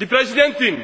Die Präsidentin!